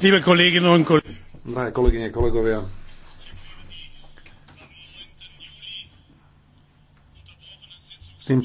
Liebe Kolleginnen und Kollegen. Drahé kolegyne, kolegovia,